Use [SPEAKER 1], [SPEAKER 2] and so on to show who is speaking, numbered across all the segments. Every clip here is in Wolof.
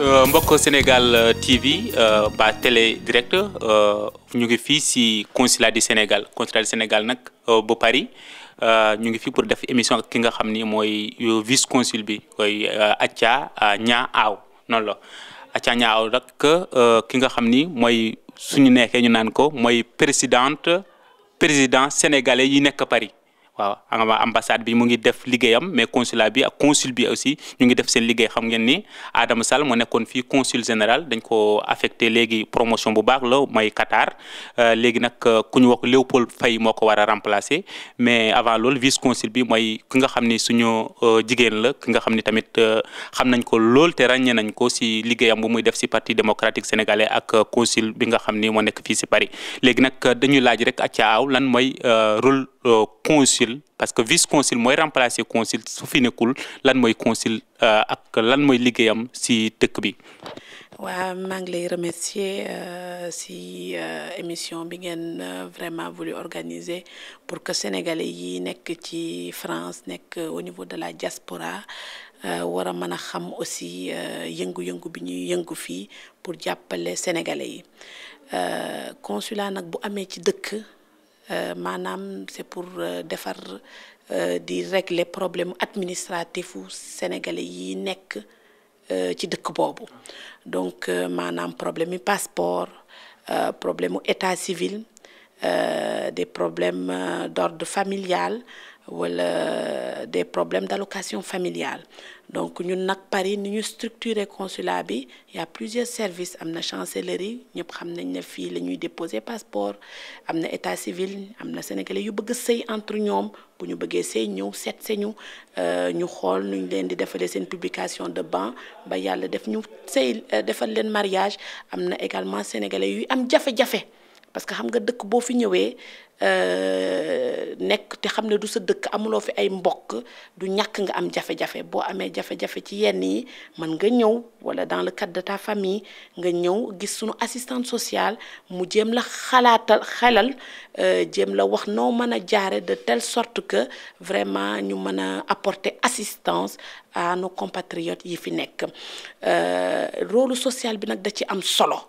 [SPEAKER 1] Euh, mbokk Sénégal euh, TV euh, ba télé direct ñu ngi fii si consulat du Sénégal consulat du Sénégal nag bu Paris ñu ngi fii pour def émission ki nga xam ni mooy vice consul bi koy Acha Ñaa Aw noonu la Acha Aw nag ki nga xam ni mooy suñu nekkee ñu naan ko mooy présidente président sénégalais yi nekk Paris waaw ama ambassade bi mu ngi def liggéeyam mais consulat bi ak consul bi aussi ñu ngi def seen liggéey xam ngeen ni Adama Sall moo nekkoon fii consul général dañ ko affecté léegi promotion bu baax la mooy euh, euh, moo ko war remplacer mais avant loolu vice consul bi mooy ki nga xam ni suñu euh, jigéen la ki nga xam ni tamit xam nañ ko lool te ràññee nañ ko si liggéeyam bu muy def si parti démocratique sénégalais ak consul bi nga xam ni moo nekk fii si Paris léegi nag dañuy laaj concile parce que vice concile mooy remplacer concile su fi nekkul lan mooy concile euh, ak lan mooy liggéeyam si dëkk bi.
[SPEAKER 2] waa maa ngi lay remercier euh, si euh, émission bi ngeen vraiment voulu organiser pour que sénégalais yi nekk ci France nekk au niveau de la diaspora war a mën a xam aussi yëngu-yëngu bi ñuy yëngu fii pour jàppale sénégalais yi consulat nag bu amee ci dëkk. Euh, maanaam c'est pour euh, defar euh, di régler problème administratif u sénégalais yi nekk ci dëkk boobu donc maanaam problème yi passeport problème u état civil des problèmes d'ordre familial wala euh, des problèmes d'allocation familiale donc ñun nag Paris ni ñu structuré consulat bi y a plusieurs services am na chancellerie ñëpp xam nañ ne fii la ñuy déposer passeport am na état civil am na sénégalais yu bëgg sëy entre ñoom bu ñu bëggee sëy ñëw seet señu euh, ñu xool nu ñu leen di defalee seen publication de ban ba yàlla def ñu sëy euh, defal leen mariage am na également sénégalais yuy am jafe-jafe parce que xam nga dëkk boo fi ñëwee euh, nekk te xam ne du sa dëkk amuloo fi ay mbokk du ñàkk nga am jafe-jafe boo amee jafe-jafe ci yenn yi mën nga ñëw wala dans le cadre de ta famille nga ñëw gis sunu assistante sociale mu jéem la xalaatal xelal euh, jéem la wax noo mën a jaare de telle sorte que vraiment ñu mën a apporter assistance à nos compatriotes yi fi nekk euh, rôle social bi nag da ci am solo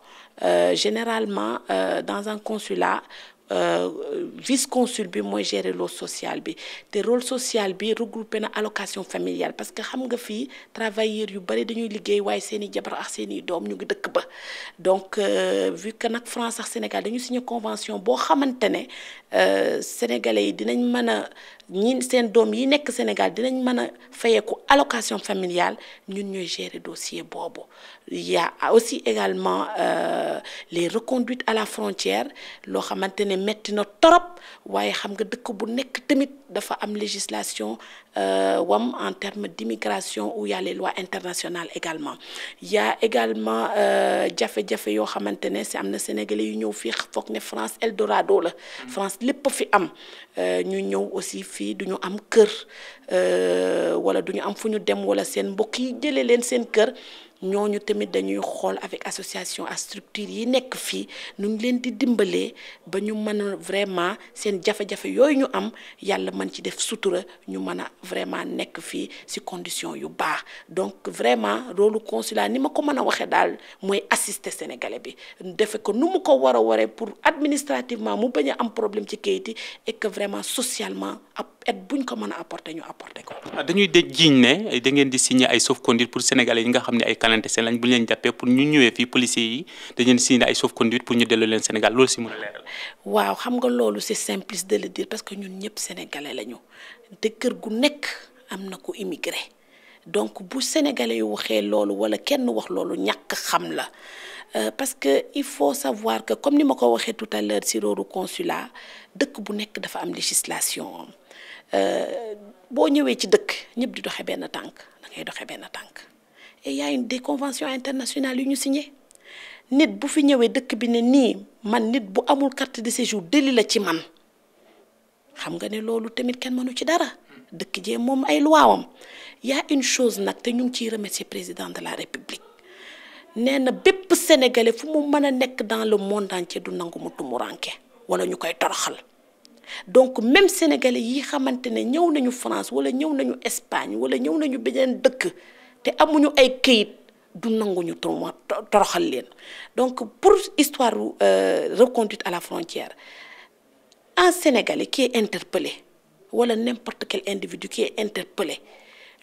[SPEAKER 2] Euh, généralement euh, dans un consulat euh, vice consul bi mooy gérer rôle social bi te rôle social bi regroupé na allocation familiale parce que xam nga fii travailleurs yu bari dañuy liggéey waaye seeni i jabar ak seeni doom ñu ngi dëkk ba donc vu que nag France ak Sénégal dañu signé convention boo xamante ne sénégalais yi dinañ mën a ñi seen doom yi nekk Sénégal dinañ mën a fayeeku allocation familiale ñun ñooy gérer dossier boobu y a aussi également euh, les reconduites à la frontière loo xamante ne metti na torop waaye xam nga dëkk bu nekk tamit dafa am législation euh, WAM en termes d'immigration où il y a également il y a également euh, jafe-jafe yoo xamante ne si am na sénégalais yu ñëw fii foog ne France Eldorado la France lépp fi am euh, ñu ñëw aussi fii du ñu am kër euh, wala du ñu am fu ñu dem wala seen mbokk yi jëlee leen seen kër ñooñu tamit dañuy xool avec association ak structure yi nekk fii nu ngi leen di dimbalee ba ñu mën a vraiment seen jafe-jafe yooyu ñu am yàlla mën ci def sutura ñu mën a vraiment nekk fii si condition yu baax donc vraiment rôle consulat ni ma ko mën a waxee daal mooy assister sénégalais bi defe ko nu mu ko war a waree pour administrativement mu bañ a am problème ci kayit yi et vraiment socialement aide buñ ko mën a apporter ñu apporter
[SPEAKER 1] ko. Ah, dañuy de jiiñ ne da ngeen di signer ay sauf-conduit pour sénégalais yi nga xam ne ay clandestins lañ bu ñu leen jàppee pour ñu ñëwee fii policiers yi dañu leen signer ñu delloo leen Sénégal loolu si mën a leeral.
[SPEAKER 2] waaw xam nga loolu c'est simpliste de le dire parce que ñun ñëpp sénégalais lañu te kër gu nekk am na ko immigré donc bu sénégalais yu waxee loolu wala kenn wax loolu ñàkk xam la. Euh, parce que il faut savoir que comme ni ma ko waxee tout à l'heure si rooru consulat dëkk bu nekk dafa am législation Euh, boo ñëwee ci dëkk ñëpp di doxe benn tànk da ngay doxe benn tànk et y a une des conventions yu ñu signé nit bu fi ñëwee dëkk bi ne nii man nit bu amul carte de séjour déli la ci man xam nga ne loolu tamit kenn mënu ci dara dëkk jee moom ay luwaawam y a une chose nag te ñu ngi ciy remercier président de la république nee na bépp sénégalais fu mu mën a nekk dans le monde entier du nangu mu tumuranke wala ñu koy toroxal donc même sénégalais yi xamante ne ñëw nañu France wala ñëw nañu Espagne wala ñëw nañu beneen dëkk te amuñu ay këyit du nanguñu trop toroxal leen donc pour histoire euh, reconduite à la frontière en sénégalais qui est interpellé wala n'importe quel individu qui est interpellé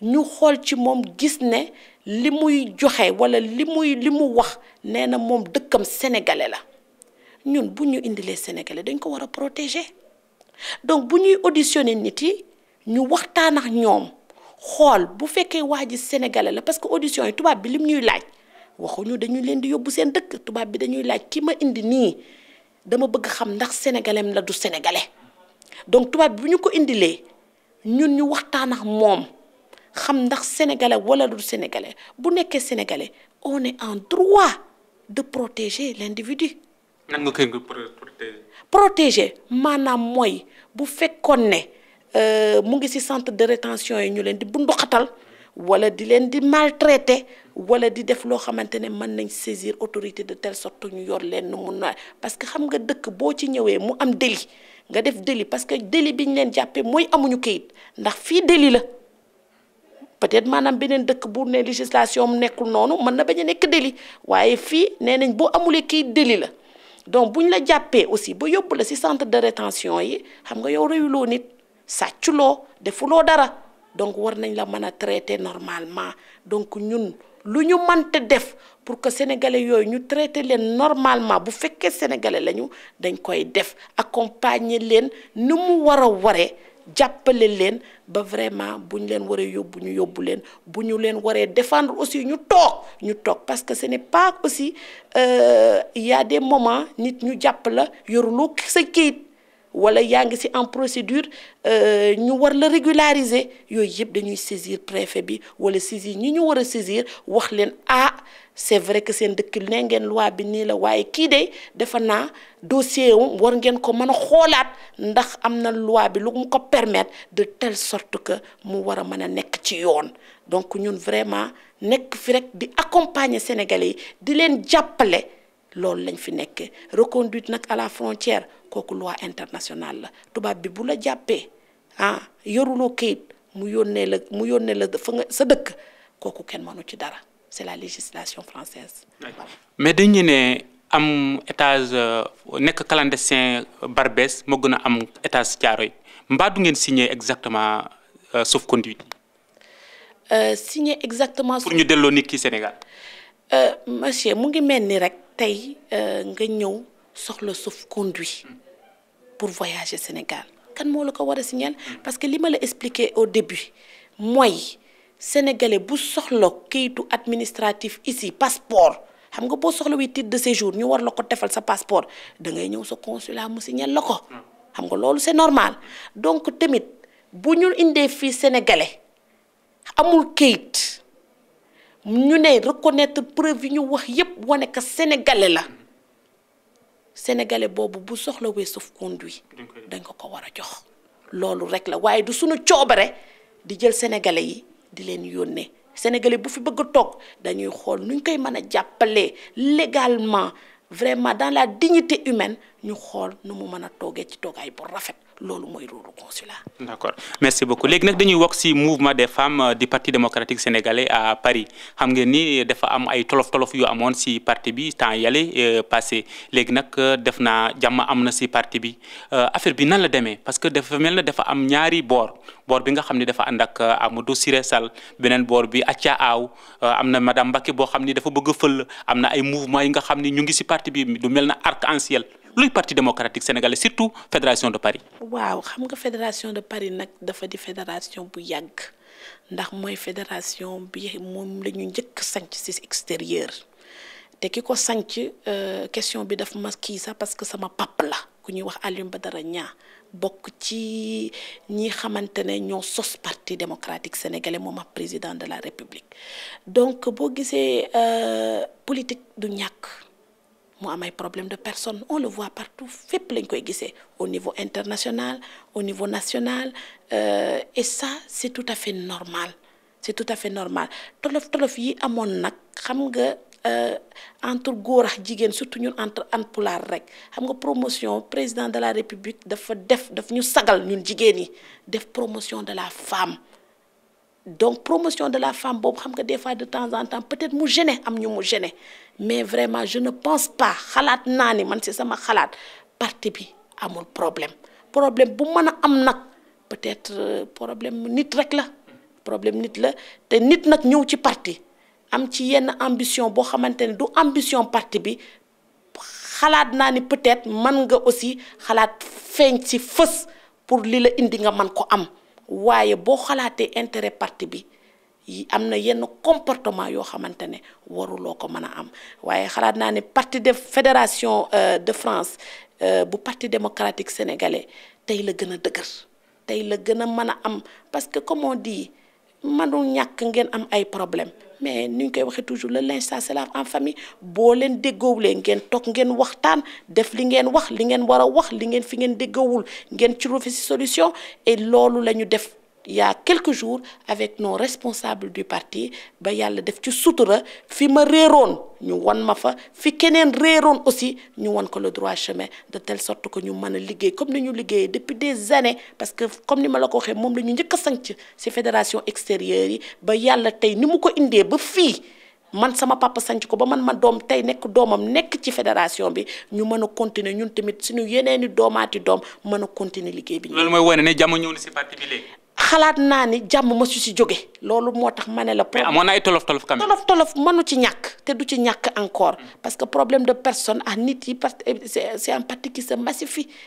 [SPEAKER 2] ñu xool ci moom gis ne li muy joxe wala li muy li mu wax nee na moom dëkkam sénégalais la ñun bu ñu indilee sénégalais dañ ko war a protéger. donc bu ñuy auditionné nit yi ñu waxtaan ak ñoom xool bu fekkee waa ji sénégalais la parce que audition yi tubaab bi lim ñuy laaj waxuñu dañu leen di yóbbu seen dëkk tubaab bi dañuy laaj ki ma indi nii dama bëgg xam ndax sénégalais la du sénégalais donc tubaab bi bu ñu ko indilee ñun ñu waxtaan ak moom xam ndax sénégalais wala du sénégalais bu nekkee sénégalais on est en droit de protéger l'individu nan nga koy protéger. maanaam mooy bu fekkoon ne euh, mu ngi ci centre de rétention yi ñu leen di bunduxatal wala di leen di maltraiter wala di def loo xamante ne mën nañ saisir autorité de telle sorte ñu yor leen nu mun naa parce que xam nga dëkk boo ci ñëwee mu am délit nga def délit parce que délit bi ñu leen jàppee mooy amuñu kayit ndax fii délit la. peut-être maanaam beneen dëkk bu ne législation nekkul noonu mën na bañ a nekk délit waaye fii nee nañ boo amulee kii délit la donc bu ñu la jàppee aussi ba yóbbu la si centre de rétention yi xam nga yow rëyuloo nit sàcculoo defuloo dara donc war nañ la mën a traiter normalement donc ñun lu ñu mënte def pour que sénégalais yooyu ñu traité leen normalement bu fekkee sénégalais lañu dañ koy def accompagner leen ni mu war a waree jàppale leen ba vraiment bu ñu leen waree yóbbu ñu yóbbu leen bu ñu leen waree défendre aussi ñu toog ñu toog parce que ce n'est pas aussi euh, il y a des moments nit ñu jàpp la yoruloo sa kayit. wala yaa ngi si en procédure euh, ñu war la régulariser yooyu yëpp dañuy saisir préfet bi wala saisir ñi ñu war a saisir wax leen ah c'est vrai que seen dëkk nee ngeen loi bi nii la waaye kii de defe naa dossier wu war ngeen ko mën a xoolaat ndax am na loi bi lu mu ko permettre de telle sorte que mu war a mën a nekk ci yoon donc ñun vraiment nekk fi rek di accompagner Sénégalais yi di leen jàppale. loolu lañ fi nekkee reconduite nag à la frontière kooku loi internationale la tubaab bi bu la jàppee ah yoruloo kayit mu yónnee la mu yónnee la fa sa dëkk kooku kenn mënu ci dara c'est la législation française
[SPEAKER 1] mais dañu ne am étage euh, nekk clandestin euh, Barbès moo gën a am étage Thiaroye mbaa du ngeen signé exactement euh, sauf conduite.
[SPEAKER 2] signé exactement. pour ñu
[SPEAKER 1] delloo nit ki Sénégal.
[SPEAKER 2] Euh, monsieur mu ngi mel nii rek tey euh, nga ñëw soxla suuf conduit pour voyager Sénégal kan moo la ko war a signal parce que li ma la expliqué au début mooy sénégalais bu soxla kayitu administratif ici passeport xam nga boo soxla wi titre de séjour ñu war la ko defal sa passeport da ngay ñëw sa consulat mu signal la ko. xam nga loolu c'est normal donc tamit bu ñu indee fii sénégalais amul kayit. ñu ne reconnaître preuve yi ñu wax yépp wane que sénégalais la sénégalais boobu bu soxlawee sauf conduit dañ ko ko war a jox loolu rek la waaye du suñu coobare di jël sénégalais yi di leen yónnee sénégalais bu fi bëgg a toog dañuy xool nuñ koy mën a jàppale légalement vraiment dans la dignité humaine ñu xool nu mu mën a toogee ci toogaay bu rafet loolu mooy rôle consulat. d' accord
[SPEAKER 1] merci beaucoup léegi nag dañuy wax si mouvement des femmes euh, du parti démocratique sénégalais à Paris xam ngeen nii euh, dafa am ay tolof tolof yu amoon si parti bi temps yale euh, passé léegi nag def na jàmm am na si parti bi affaire bi nan la demee parce que dafa mel na dafa am ñaari boor boor bi nga xam ne dafa ànd ak Amadou Siré Sall beneen boor bi Atia Aw am na madame Mbacké boo xam ni dafa bëgg a fël am na ay mouvement yi nga xam ni ñu ngi si parti bi du mel na arc en luy parti démocratique sénégalais surtout fédération de Paris.
[SPEAKER 2] waaw xam nga fédération de Paris nag dafa di fédération bu yàgg ndax mooy fédération bi moom la ñu njëkk sanc ci extérieur te ki ko sanc euh, question bi daf ma kii sax parce que sama pap la ku ñuy wax ba dara Niang bokk ci ñi xamante ne ñoo sos parti démocratique sénégalais moom ak président de la république donc boo gisee euh, politique du ñàkk. mu am ay problème de personne on le voit partout fépp lañ koy gisee au niveau international au niveau national euh, et ça c'est tout à fait normal c'est tout à fait normal tolof tolof yi amoon nag xam nga euh, entre góor ak jigéen surtout ñun entre Haalpulaar rek xam nga promotion président de la république dafa def daf ñu sagal ñun jigéen yi def promotion de la femme donc promotion de la femme boobu xam nga des fois de temps en temps peut-être mu gêné am ñu mu gêné mais vraiment je ne pense pas xalaat naa ni man si sama xalaat parti bi amul problème problème bu mën a am nag peut-être euh, problème nit rek la problème nit la te nit nag ñëw ci parti am ci yenn ambition boo xamante ne du ambition parti bi xalaat naa ni peut-être man nga aussi xalaat feeñ ci fës pour li la indi nga man ko am waaye boo xalaatee intérêt parti bi am na yenn comportement yoo xamante ne waruloo ko mën a am waaye xalaat naa ne parti de fédération euh, de France euh, bu parti démocratique sénégalais tey la gën a dëgër tey la gën a mën a am parce que comme di manu ñàkk ngeen am ay problème mais ni ñu koy waxee toujours le linge sale se lave en famille boo leen déggoowulee ngeen toog ngeen waxtaan def li ngeen wax li ngeen war a wax li ngeen fi ngeen déggoowul ngeen trouvé ci solution et loolu la ñu def il quelque a quelques jours avec nos responsables du parti ba yàlla def ci sutura fi ma réeroon ñu wan ma fa fi keneen reeroon aussi ñu won ko le droit chemin de tell sorte que ñu mën a liggéey comme ni ñu liggéeyee depuis des années parce que comme ni ma la ko waxee moom la ñu njëkk a sanc ci fédération extérieure yi ba yàlla tey ni mu ko indee ba fii man sama papa sanc ko ba man ma doom tey nekk doomam nekk ci fédération bi ñu mën a continuer ñun tamit suñu yeneeni doomaati doom mën a continuer liggéey bi. loolu
[SPEAKER 1] mooy wane ne jamono ñëw na ci parti
[SPEAKER 2] xalaat naa ni jàmm ma su si jóge loolu moo tax ma ne la. problème amoon na
[SPEAKER 1] ay tolof tolof. tolof
[SPEAKER 2] tolof mënu ci ñàkk te du ci ñàkk encore mm. parce que problème de personne ah nit yi parce que c'est un parti qui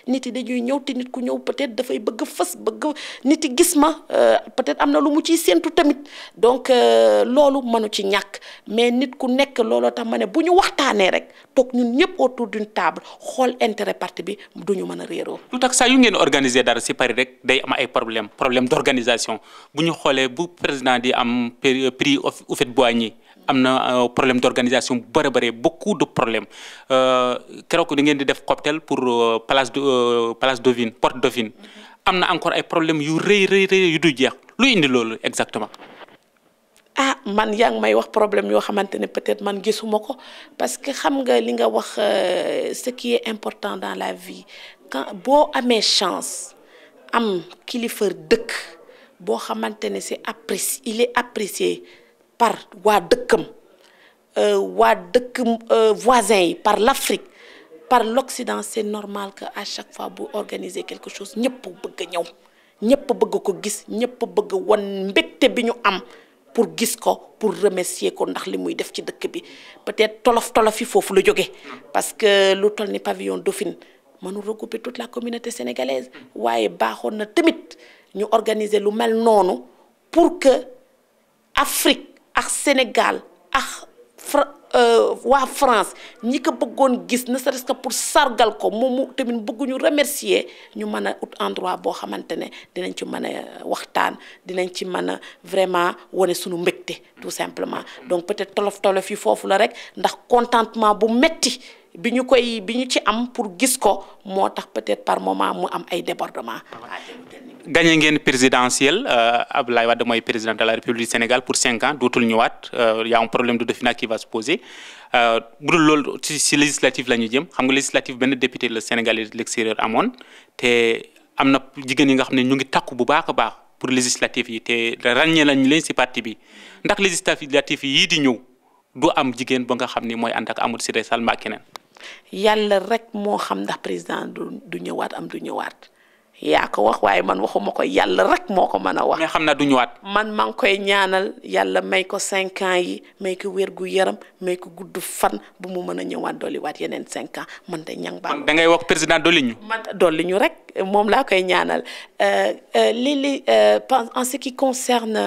[SPEAKER 2] nit yi dañuy ñëw te nit ku ñëw peut-être dafay bëgg fës bëgg nit yi gis ma euh, peut-être am na lu mu ciy séentu tamit donc euh, loolu mënu ci ñàkk mais nit ku nekk looloo tax ma ne bu ñu waxtaanee rek toog ñun ñëpp autour d'une table xool intérêt parti bi du ñu mën a réeroo.
[SPEAKER 1] lu tax yu ngeen organiser dara si Paris rek day am ay problème problème organisation bu ñu xoolee bu président di am prix Houphouët-Boigny am na euh, problème d'organisation bu bëri bëri beaucoup de problèmes euh, keroog da ngeen di def cocktail pour euh, place place Dauphine porte Dauphine mhm. am na encore ay problèmes yu rëy rëy rëy yu du jeex luy indi loolu exactement.
[SPEAKER 2] ah man yaa ngi may wax problème yoo xamante ne peut-être man gisuma ko parce que xam nga li nga wax ce qui est important dans la vie boo amee chance am kilifa dëkk. boo xamante ne c'est apprécié il est apprécié par waa dëkkam euh, waa dëkk euh, voisins yi par l'Afrique par l'Occident c'est normal que à chaque fois bu organiser quelque chose ñëpp bëgg a ñëw ñëpp bëgg ko gis ñëpp bëgg wan mbégte bi ñu am pour gis ko pour remercier ko ndax li muy def ci dëkk bi peut-être tolof tolof yi foofu la jóge parce que lu toll ni pavillon Dauphine mënu regrouper toute la communauté sénégalaise waaye baaxoon na tamit ñu organiser lu mel noonu pour que Afrique ak Sénégal ak Fra euh, waa France ñi ko bëggoon gis ne serait-ce que pour sargal ko moom mu tamit bëgguñu remercier ñu mën a ut endroit boo xamante ne dinañ ci mën a waxtaan dinañ ci mën a vraiment wane sunu mbégte tout simplement donc peut-être tolof tolof yi foofu la rek ndax contentement bu metti bi ñu koy bi ñu ci am pour gis ko moo tax peut-être par moment mu am ay débordement
[SPEAKER 1] gañe ngeen présidentielle euh, Abdoulaye Wade mooy président de la République du Sénégal pour cinq ans dootul ñëwaat euh, y a un problème de dauphinat qui va se poser euh, bu dul loolu ci ci la ñu jëm xam nga législative benn député le Sénégalais de amoon te am na jigéen yi nga xam ne ñu ngi takku bu baax a baax pour législative yi te rañee lañ leen si parti bi ndax législative yii di ñëw du am jigéen ba nga xam ni mooy ànd ak Amadou Siré Sall ak keneen.
[SPEAKER 2] yàlla rek moo xam ndax président du ñëwaat am du ñëwaat. yaa ko wax waaye man waxuma ko yàlla rek moo ko mën a wax. mais xam naa du ñëwaat. man maa ngi koy ñaanal yàlla may ko cinq ans yi may ko wér gu yaram may ko gudd fan bu mu mën a ñëwaat dolliwaat yeneen cinq ans man de ñang
[SPEAKER 1] baa da ngay wax président dolli ñu.
[SPEAKER 2] man dolli ñu rek moom laa koy ñaanal euh, euh, li li euh, en ce qui concerne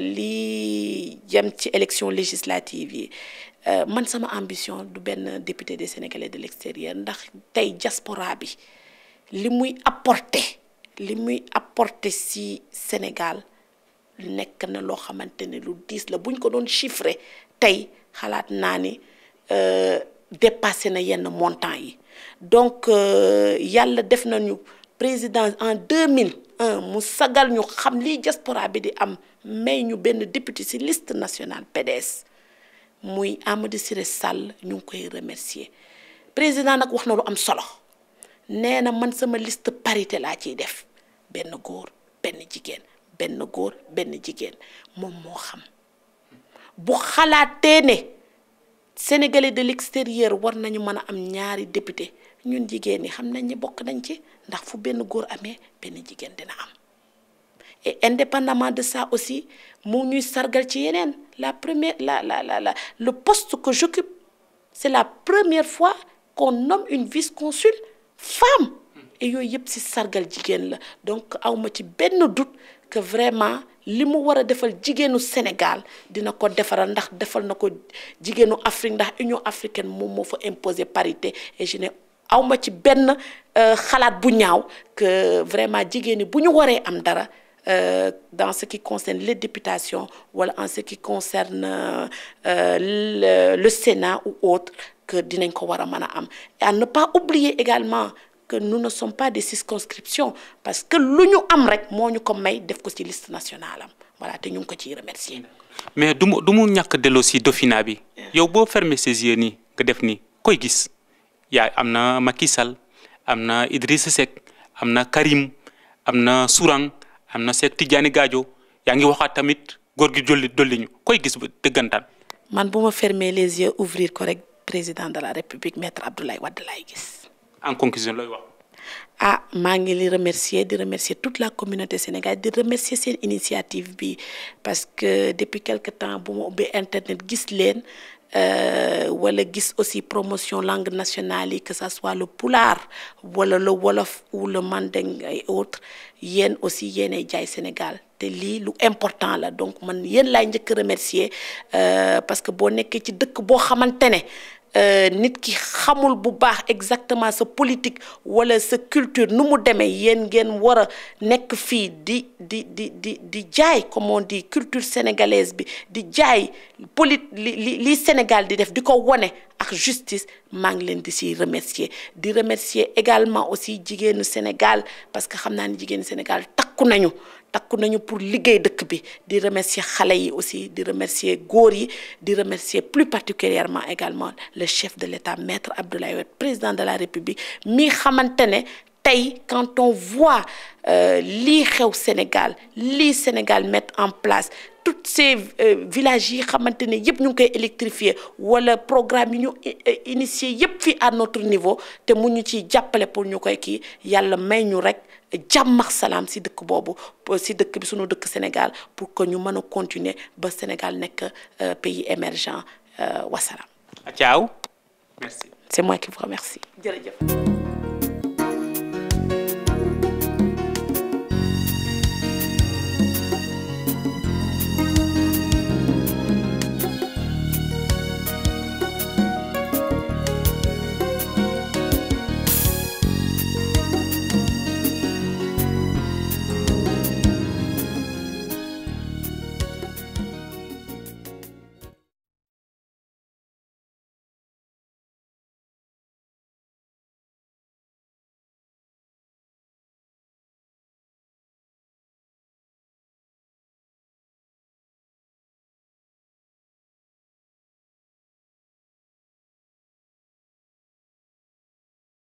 [SPEAKER 2] li jëm ci élection législative yi. man sama ambition du benn député des Sénégalais de l'extérieur ndax tey diaspora bi li muy apporter li muy apporter ci Sénégal nekk na loo xamante ne lu diis la bu ñu ko doon chiffrer tey xalaat naa ni euh, dépassé na yenn montant yi donc euh, yàlla def nañu président en 2001 mu sagal ñu xam lii diaspora bi di am may ñu benn député ci liste nationale PDS muy Amadou Siré Sall ñu ngi koy remercier président nag wax na lu am solo. nee na man sama liste parité laa ciy def benn góor benn jigéen benn góor benn jigéen moom moo xam bu xalaatee ne sénégalais de l'extérieur war nañu mën a am ñaari député ñun jigéen ñi xam nañ ni bokk nañ ci ndax fu benn góor amee benn jigéen dina am et indépendament de ça aussi mu ñuy sargal ci yeneen la première la la la la le poste que j'occupe c'est la première fois qu'on nomme une vice-consul femme et yooyu yëpp ci sargal jigéen la donc awma ci benn doute que vraiment li mu war a defal jigéenu Sénégal dina ko defaral ndax defal na ko jigéenu Afrique ndax Union africaine moom moo fa imposer parité et je ne awma ci benn euh, xalaat bu ñaaw que vraiment jigéen ñi bu ñu waree am dara Euh, dans ce qui concerne les députations wala en ce qui concerne euh, le Sénat ou autre que dinañ ko war a mën a am et à pas oublier également que nous ne sommes pas des circonscriptions parce que lu ñu am rek moo ñu ko may def ko ci liste nationale am voilà te ñu ngi ko ciy remercier.
[SPEAKER 1] mais du mu du mu ñàkk delloo si Dauphina bi. yow boo fermer ses yeux nii nga def nii koy gis yaa am na Macky Sall am na Idrissa Seck am na Karim am na Sourang am na Seck Tidiane Gadio yaa ngi waxaat tamit góor gi dolli dolli ñu koy gis ba dëggantaan.
[SPEAKER 2] man bu ma fermer les yeux ouvrir ko rek. président de la république maître Abdoulaye Wade laay gis.
[SPEAKER 1] en conclusion looy wax.
[SPEAKER 2] ah maa ngi li remercier di remercier toute la communauté sénégal di remercier seen initiative bi parce que depuis quelque temps bu ma ubbee internet gis leen euh, wala gis aussi promotion langue nationale yi que ça soit le pulaar wala la wolof ou le mandeng ay autres yéen aussi yéenay jaay Sénégal te lii lu important la donc man yéen laay njëkk remercier euh, parce que boo ne Euh, nit ki xamul bu baax exactement sa politique wala sa culture nu mu demee yéen ngeen war a nekk fii di di di di di jaay comme on di culture sénégalaise bi di jaay polit li li Sénégal di def di ko wone ak justice maa ngi leen di si remercier di remercier également aussi jigéenu Sénégal parce que xam naa ni jigéenu Sénégal takku nañu takku nañu pour liggéey dëkk bi di remercier xale yi aussi di remercier góor yi di remercier plus particulièrement également le chef de l'État maître Abdoulaye Wade président de la République mi xamante ne tey quand on voit euh, lii xew Sénégal li Sénégal mettre en place toutes ces euh, villages yi xamante ne yëpp ñu ngi koy électrifier wala programme yi ñu euh, initier yëpp fii à notre niveau te mu ñu ciy jàppale pour ñu koy kii yàlla may ñu rek jàmm salaam si dëkk boobu si dëkk bi suñu dëkk Sénégal pour que ñu mën a continuer ba Sénégal nekk euh, pays émergent euh, wasalaam.
[SPEAKER 1] Ciao. Merci.
[SPEAKER 2] C'est moi qui vous remercie.
[SPEAKER 1] jërëjëf.